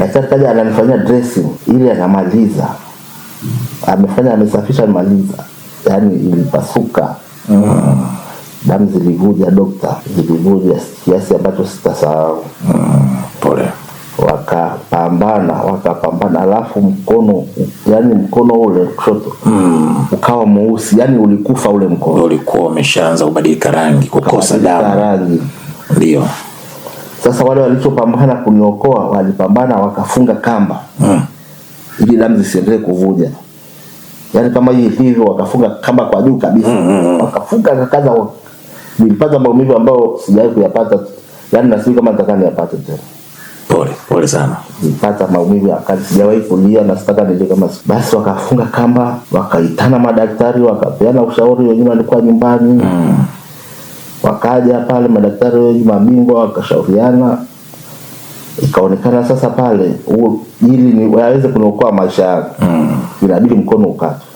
Daktari kaja ananifanyia dressing ili anamaliza, amefanya amesafisha, amaliza, yaani ilipasuka mm. Damu zilivuja dokta, zilivuja kiasi ambacho sitasahau mm. Pole wakapambana wakapambana, alafu mkono yani mkono ule kushoto mm. ukawa mweusi, yani ulikufa ule mkono, ulikuwa umeshaanza kubadilika rangi, kukosa damu rangi, ndio sasa wale walichopambana kuniokoa walipambana wakafunga kamba mm. Ah. ili damu zisiendelee kuvuja, yaani kama hivyo wakafunga kamba kwa juu kabisa mm, -hmm. wakafunga kakaza. Nilipata maumivu ambayo sijawahi kuyapata, yaani nafikiri kama nitakaa niyapate tena. Pole pole sana, nilipata maumivu ya kazi, sijawahi kulia na sitaka nije kama. si. Basi wakafunga kamba, wakaitana madaktari, wakapeana ushauri, wengine walikuwa nyumbani mm. Wakaja pale madaktari wengi, mabingwa, wakashauriana, ikaonekana sasa pale ili waweze kuniokoa maisha yangu mm. inabidi mkono ukatwe.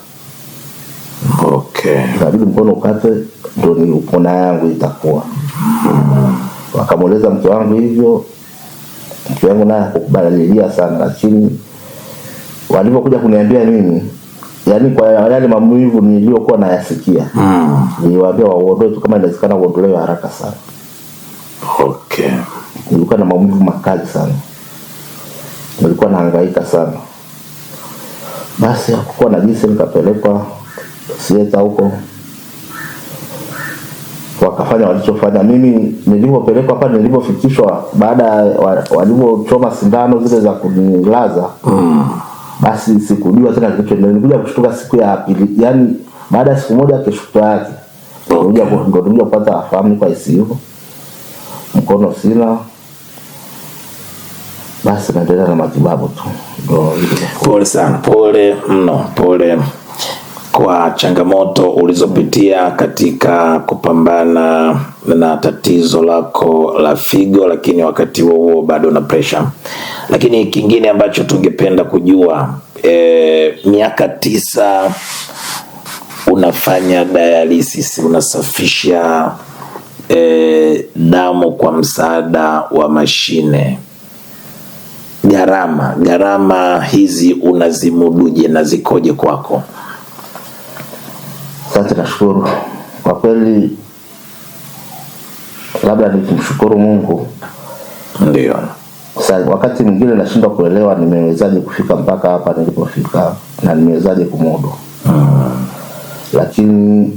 Okay. inabidi mkono ukatwe ndo ni upona yangu itakuwa mm. wakamweleza mke wangu hivyo, mke wangu naye akukubalilia sana, lakini walivyokuja kuniambia mimi yani kwa yale maumivu niliyokuwa nayasikia mm. niliwaambia wauondoe tu kama inawezekana uondolewe haraka sana. Okay. Nilikuwa na maumivu makali sana, nilikuwa nahangaika sana. Basi hakukuwa na jinsi, nikapelekwa Sieta huko, wakafanya walichofanya. Mimi nilipopelekwa hapa, nilipofikishwa baada ya wa, walivyochoma sindano zile za kunilaza mm. Basi sikujua tena kilichoendelea, nilikuja kushtuka siku ya pili, yani baada ya siku moja kesho yake nilikuja ndo nilikuja kupata kwa ICU, mkono sina. Basi naendelea na matibabu tu, pole sana, pole mno, pole kwa changamoto ulizopitia katika kupambana na tatizo lako la figo, lakini wakati huo huo bado na pressure. Lakini kingine ambacho tungependa kujua e, miaka tisa unafanya dialysis, unasafisha e, damu kwa msaada wa mashine Gharama gharama hizi unazimuduje na zikoje kwako? Asante, nashukuru kwa kweli, labda ni kumshukuru Mungu, ndio wakati mwingine nashindwa kuelewa nimewezaje kufika mpaka hapa nilipofika na nimewezaje kumudu mm. Lakini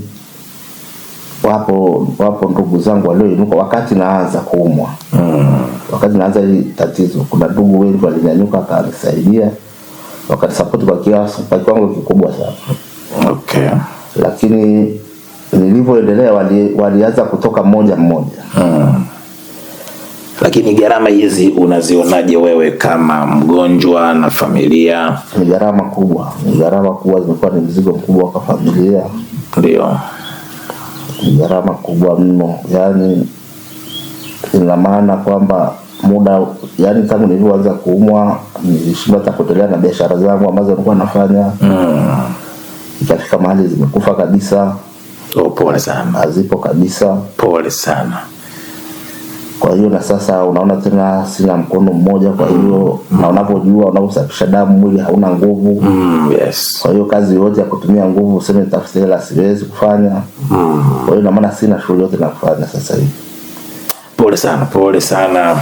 wapo wapo ndugu zangu walioinuka wakati naanza kuumwa mm. Wakati naanza hili tatizo, kuna ndugu wengi walinyanyuka akanisaidia wakanisapoti kwa kiasi kwa kiwango kikubwa sana okay. Lakini nilivyoendelea walianza wali kutoka mmoja mmoja mm. Lakini gharama hizi unazionaje wewe kama mgonjwa na familia? Ni gharama kubwa, ni gharama kubwa, zimekuwa ni mzigo mkubwa kwa familia. Ndio, ni gharama kubwa mno, Yani ina maana kwamba muda yani, tangu nilivyoanza kuumwa nilishindwa hata kuendelea na biashara zangu ambazo nilikuwa nafanya mm. Ikafika mahali zimekufa kabisa. Oh, pole sana, hazipo kabisa. Pole sana. Kwa hiyo na sasa unaona tena sina mkono mmoja, kwa hiyo mm. na unavyojua unavyosafisha damu mwili hauna nguvu mm, yes. Kwa hiyo kazi yote ya kutumia nguvu useme tafuta hela siwezi kufanya mm. Kwa hiyo na maana sina shughuli yote na kufanya sasa hivi. Pole sana, pole sana.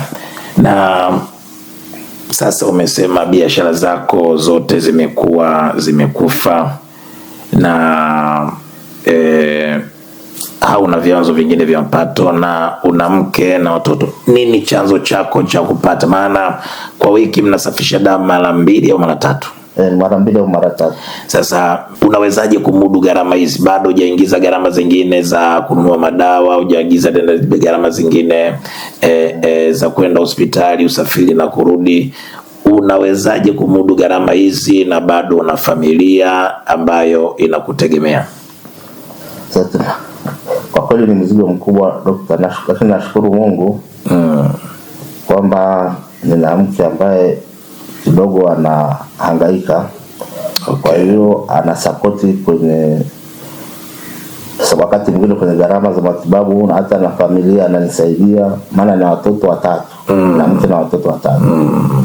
Na sasa umesema biashara zako zote zimekuwa zimekufa na eh, au na vyanzo vingine vya mapato na una mke na watoto, nini chanzo chako cha kupata? Maana kwa wiki mnasafisha damu mara mbili au mara tatu eh, mara mbili au mara tatu. Sasa unawezaje kumudu gharama hizi? Bado hujaingiza gharama zingine za kununua madawa, hujaingiza gharama zingine e, e, za kwenda hospitali, usafiri na kurudi. Unawezaje kumudu gharama hizi na bado una familia ambayo inakutegemea? Sasa kwa kweli ni mzigo mkubwa dokta, lakini nashukuru Mungu mm. kwamba nina mke ambaye kidogo anahangaika okay. Kwa hiyo anasapoti kwenye wakati mwingine kwenye gharama za matibabu na hata na familia ananisaidia, maana na watoto watatu mm. na mke na watoto watatu mm.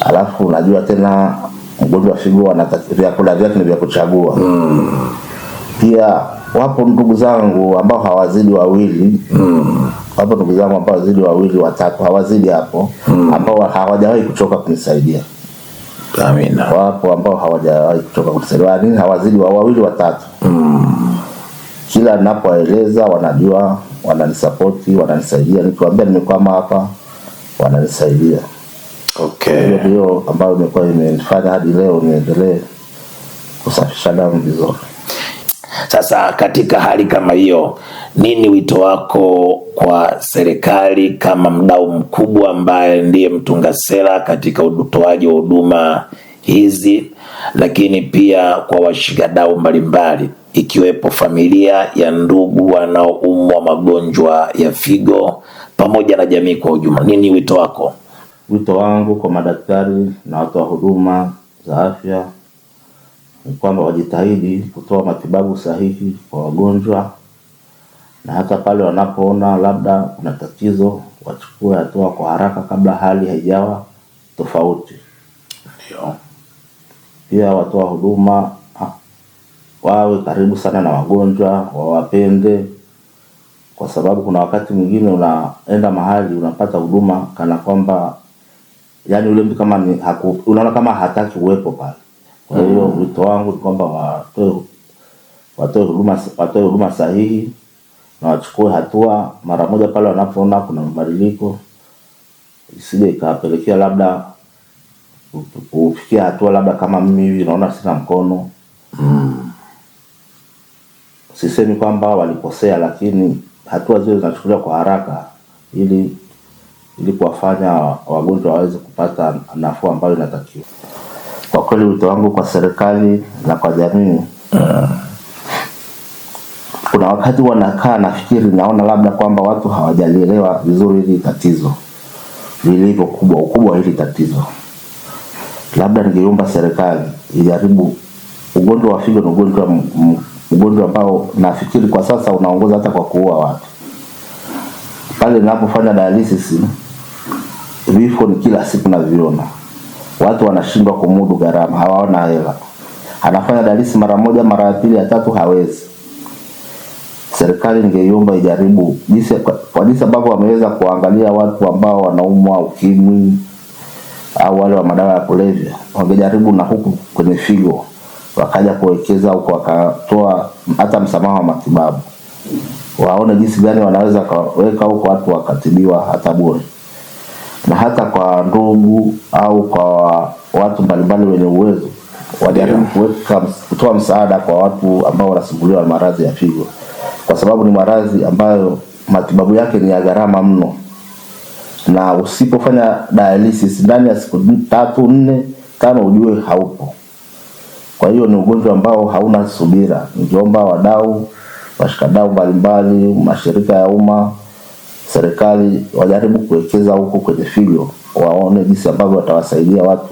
Alafu unajua tena mgonjwa wa figo, vyakula vyake ni vya kuchagua mm pia wapo ndugu zangu ambao hawazidi wawili mm. wapo ndugu zangu ambao hawazidi wawili watatu, hawazidi hapo mm. ambao hawajawahi kuchoka kunisaidia. Amina. Wapo ambao hawajawahi kuchoka kunisaidia, nini yaani hawazidi wa wawili watatu mm. kila ninapoeleza wanajua, wananisapoti, wananisaidia, nikiwaambia nimekwama hapa wananisaidia. Okay. Hiyo ambayo imekuwa imenifanya hadi leo niendelee kusafisha damu vizuri. Sasa katika hali kama hiyo, nini wito wako kwa serikali kama mdau mkubwa ambaye ndiye mtunga sera katika utoaji wa huduma hizi, lakini pia kwa washikadau mbalimbali ikiwepo familia ya ndugu wanaoumwa magonjwa ya figo pamoja na jamii kwa ujumla, nini wito wako? Wito wangu kwa madaktari na watu wa huduma za afya ni kwamba wajitahidi kutoa matibabu sahihi kwa wagonjwa na hata pale wanapoona labda kuna tatizo wachukue hatua kwa haraka kabla hali haijawa tofauti. Ndio. Pia watoa huduma wawe karibu sana na wagonjwa, wawapende, kwa sababu kuna wakati mwingine unaenda mahali unapata huduma kana kwamba yani ule mtu kama ni haku, unaona kama hataki uwepo pale. Kwa hiyo mm. wito wangu ni kwamba watoe watoe huduma watoe huduma sahihi na wachukue hatua mara moja pale wanapoona kuna mabadiliko, isije ikapelekea labda kufikia hatua labda kama mimi hivi naona sina mkono mm. Sisemi kwamba walikosea, lakini hatua zile zinachukuliwa kwa haraka ili ili kuwafanya wagonjwa waweze kupata nafuu ambayo inatakiwa. Kwa kweli wito wangu kwa serikali na kwa jamii uh, kuna wakati wanakaa nafikiri, naona labda kwamba watu hawajalielewa vizuri hili tatizo lilivyo kubwa, ukubwa hili tatizo. Labda ningeomba serikali ijaribu. Ugonjwa wa figo ni ugonjwa ugonjwa ambao nafikiri kwa sasa unaongoza hata kwa kuua watu. Pale ninapofanya dialysis, vifo ni kila siku naviona watu wanashindwa kumudu gharama, hawaona hela. Anafanya dalisi mara moja, mara ya pili, ya tatu hawezi. Serikali ningeiomba ijaribu jinsi, kwa jinsi ambavyo wameweza kuangalia watu ambao wanaumwa ukimwi au wale wa madawa ya kulevya, wangejaribu na huku kwenye figo wakaja kuwekeza huko, wakatoa hata msamaha wa matibabu, waone jinsi gani wanaweza kaweka huko watu wakatibiwa hata bure na hata kwa ndugu au kwa watu mbalimbali wenye uwezo wajaribu kuweka kutoa msaada kwa watu ambao wanasumbuliwa na maradhi ya figo, kwa sababu ni maradhi ambayo matibabu yake ni ya gharama mno, na usipofanya dialysis ndani ya siku tatu, nne, tano, ujue haupo. Kwa hiyo ni ugonjwa ambao hauna subira. Ningeomba wadau, washikadau mbalimbali, mashirika ya umma serikali wajaribu kuwekeza huko kwenye figo, waone jinsi ambavyo watawasaidia watu,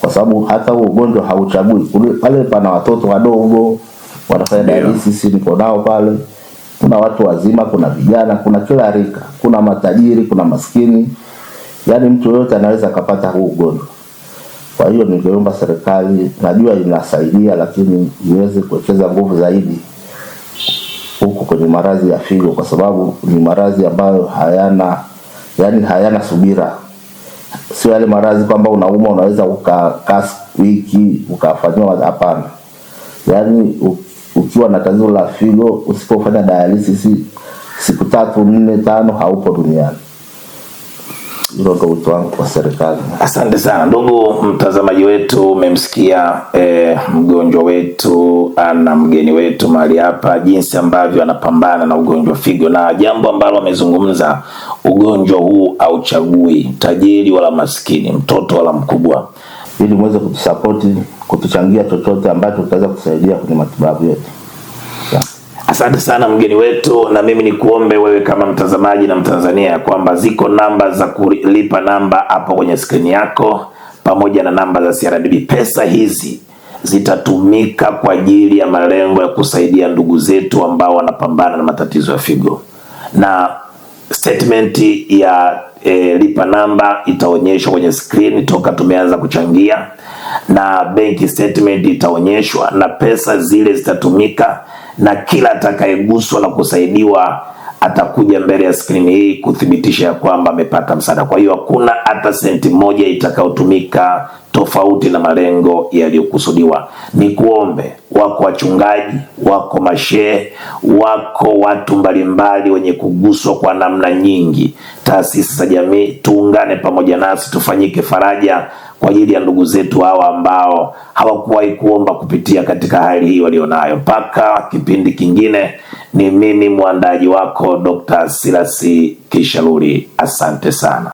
kwa sababu hata huo ugonjwa hauchagui. Pale pana watoto wadogo wanafanya dialysis, niko nao pale, kuna watu wazima, kuna vijana, kuna kila rika, kuna matajiri, kuna maskini, yani mtu yoyote anaweza akapata huu ugonjwa. Kwa hiyo ningeomba serikali, najua inasaidia, lakini iweze kuwekeza nguvu zaidi wako kwenye maradhi ya figo, kwa sababu ni maradhi ambayo hayana yani hayana subira. Sio yale maradhi kwamba unauma unaweza ukakaa wiki ukafanyiwa, hapana. Yani ukiwa na tatizo la figo usipofanya dialysis siku tatu nne tano, haupo duniani kutoka wito wangu kwa serikali. Asante sana ndugu mtazamaji wetu, umemsikia e, mgonjwa wetu ana mgeni wetu mahali hapa, jinsi ambavyo anapambana na ugonjwa figo, na jambo ambalo amezungumza, ugonjwa huu auchagui tajiri wala maskini, mtoto wala mkubwa, ili muweze kutusapoti, kutuchangia chochote ambacho tutaweza kusaidia kwenye matibabu yetu. Asante sana mgeni wetu, na mimi nikuombe wewe kama mtazamaji na Mtanzania kwamba ziko namba za kulipa namba hapo kwenye skrini yako pamoja na namba za CRDB. Pesa hizi zitatumika kwa ajili ya malengo ya kusaidia ndugu zetu ambao wanapambana na matatizo ya figo, na statement ya e, lipa namba itaonyeshwa kwenye skrini toka tumeanza kuchangia, na benki statement itaonyeshwa, na pesa zile zitatumika na kila atakayeguswa na kusaidiwa atakuja mbele ya skrini hii kuthibitisha ya kwamba amepata msaada. Kwa hiyo hakuna hata senti moja itakayotumika tofauti na malengo yaliyokusudiwa. Ni kuombe wako wachungaji, wako mashehe, wako watu mbalimbali wenye kuguswa kwa namna nyingi, taasisi za jamii, tuungane pamoja nasi tufanyike faraja kwa ajili ya ndugu zetu hawa ambao hawakuwahi kuomba kupitia katika hali hii walionayo. Mpaka kipindi kingine. Ni mimi mwandaji wako Dr. Silasi kishaluri Asante sana.